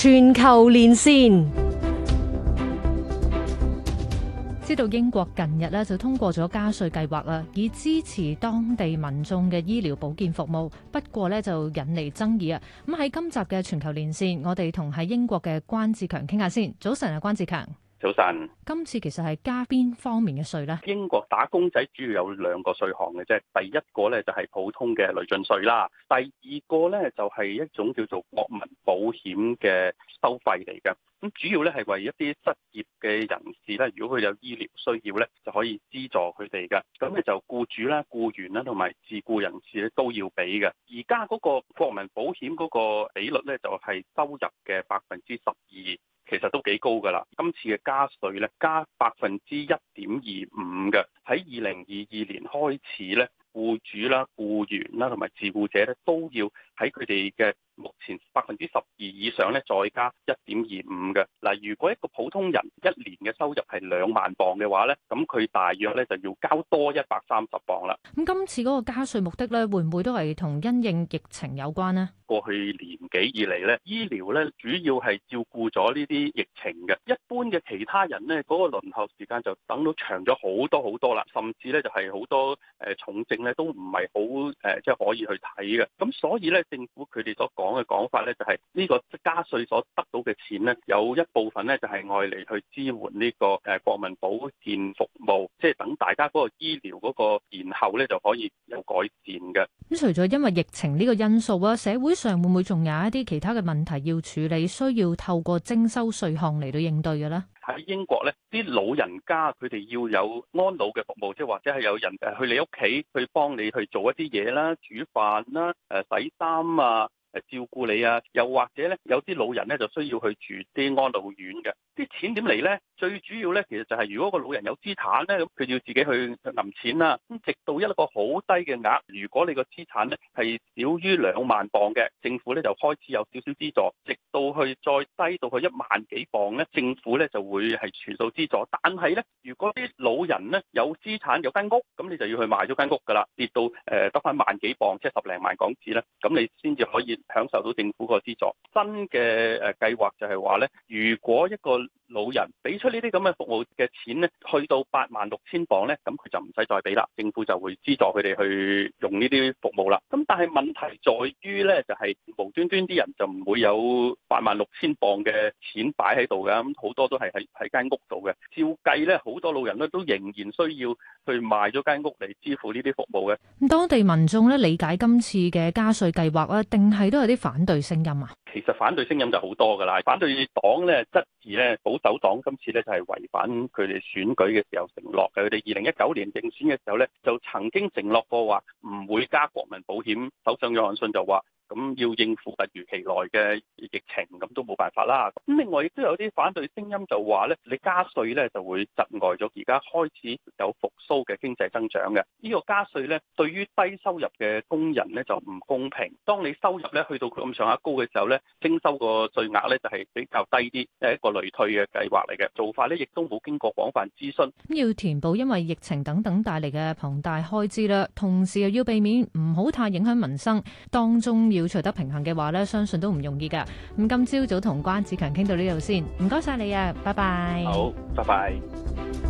全球連線，知道英國近日呢就通過咗加稅計劃啦，以支持當地民眾嘅醫療保健服務。不過呢就引嚟爭議啊！咁喺今集嘅全球連線，我哋同喺英國嘅關志強傾下先。早晨啊，關志強。早晨，今次其實係加邊方面嘅稅咧？英國打工仔主要有兩個稅項嘅啫，第一個呢就係普通嘅累進稅啦，第二個呢就係一種叫做國民保險嘅收費嚟嘅。咁主要呢係為一啲失業嘅人士咧，如果佢有醫療需要呢，就可以資助佢哋嘅。咁咧就僱主啦、僱員啦同埋自僱人士咧都要俾嘅。而家嗰個國民保險嗰個比率呢，就係收入嘅百分之十二。其實都幾高㗎啦！今次嘅加稅咧，加百分之一點二五嘅，喺二零二二年開始咧，僱主啦、僱員啦同埋自僱者咧，都要喺佢哋嘅目前百分之十二以上咧，再加一點二五嘅。嗱，如果一個普通人一年嘅收入係兩萬鎊嘅話咧，咁佢大約咧就要交多一百三十鎊啦。咁今次嗰個加稅目的咧，會唔會都係同因應疫情有關呢？過去年幾以嚟咧，醫療咧主要係照顧咗呢啲疫情嘅，一般嘅其他人咧、嗰、那個輪候時間就等到長咗好多好多啦，甚至咧就係好多誒重症咧都唔係好誒，即、呃、係可以去睇嘅。咁所以咧，政府佢哋所講嘅講法咧，就係、是、呢個加稅所得到嘅錢咧，有一部分咧就係用嚟去支援呢個誒國民保健服務，即、就、係、是、等大家嗰個醫療嗰個延後咧就可以有改善嘅。咁除咗因為疫情呢個因素啊，社會上會唔會仲有一啲其他嘅問題要處理，需要透過徵收稅項嚟到應對嘅咧？喺英國咧，啲老人家佢哋要有安老嘅服務，即係或者係有人誒去你屋企去幫你去做一啲嘢啦，煮飯啦，誒洗衫啊。照顧你啊，又或者咧，有啲老人咧就需要去住啲安老院嘅，啲錢點嚟呢？最主要呢，其實就係如果個老人有資產呢，佢要自己去揞錢啦。咁直到一個好低嘅額，如果你個資產呢係少於兩萬磅嘅，政府呢，就開始有少少資助。去再低到去一萬幾磅咧，政府咧就會係全數資助。但係咧，如果啲老人咧有資產有間屋，咁你就要去賣咗間屋噶啦。跌到誒得翻萬幾磅，即係十零萬港紙咧，咁你先至可以享受到政府個資助。新嘅誒計劃就係話咧，如果一個老人俾出呢啲咁嘅服務嘅錢咧，去到八萬六千磅咧，咁佢就唔使再俾啦，政府就會資助佢哋去用呢啲服務啦。咁但係問題在於咧，就係無端端啲人就唔會有八萬。萬六千鎊嘅錢擺喺度嘅，咁好多都係喺喺間屋度嘅。照計咧，好多老人咧都仍然需要去賣咗間屋嚟支付呢啲服務嘅。咁當地民眾咧理解今次嘅加稅計劃啊，定係都有啲反對聲音啊？其實反對聲音就好多㗎喇，反對黨咧質疑咧保守黨今次咧就係違反佢哋選舉嘅時候承諾嘅。佢哋二零一九年競選嘅時候咧，就曾經承諾過話唔會加國民保險。首相約翰遜就話。咁要應付突如其來嘅疫情，咁都冇辦法啦。咁另外亦都有啲反對聲音，就話咧，你加稅咧就會窒礙咗而家開始有復甦嘅經濟增長嘅。呢個加稅咧，對於低收入嘅工人咧就唔公平。當你收入咧去到佢咁上下高嘅時候咧，徵收個稅額咧就係比較低啲，即係一個累退嘅計劃嚟嘅。做法咧亦都冇經過廣泛諮詢。要填補因為疫情等等帶嚟嘅龐大開支啦，同時又要避免唔好太影響民生，當中要。要取得平衡嘅話咧，相信都唔容易噶。咁今朝早同關志強傾到呢度先，唔該晒你啊，拜拜。好，拜拜。